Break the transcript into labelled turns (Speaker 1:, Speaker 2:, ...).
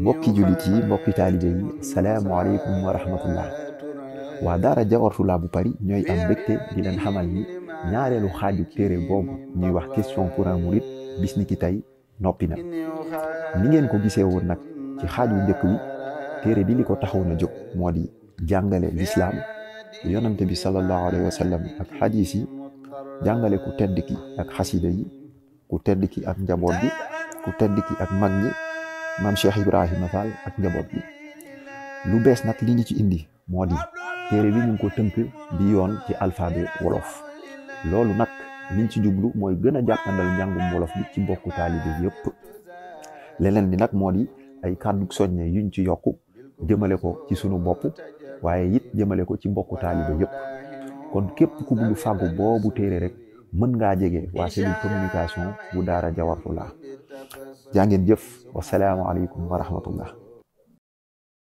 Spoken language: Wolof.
Speaker 1: mbokki jullit yi mbokki taalibe yi salaamualeykum wa rahmatullah waa daara Jawartu laa bu Paris ñooy am mbégte di leen xamal ni ñaareelu xaaju téere boobu ñuy wax question pour un mouride bis ni ki tey noppi na ni ngeen ko gisee woon nag ci xaaju njëkk wi téere bi ko taxaw na jóg moo di jàngale lislaam yonante bi sallallahu alayhi wa ak xadiis yi jàngale ku tedd ki ak xasida yi ku tedd ki ak njaboot bi ku tedd ki ak mag ñi maam Cheikh Ibrahima Fall ak njaboot bi lu bees nag li ñu ci indi moo di téere bi ñu ko tënk bi yoon ci alphabet wolof loolu nag liñ ci jublu mooy gën a jàppandal njàngum wolof bi ci mbokku taalibe yëpp leneen li nag moo di ay kàddu soññe yuñ ci yokk jëmale ko ci sunu bopp waaye it jëmale ko ci mbokku taalibe yëpp kon képp ku bëgg fàggu boobu téere rek mën ngaa jege waa cellule communication bu daara laa يعني الجف والسلام عليكم ورحمة
Speaker 2: الله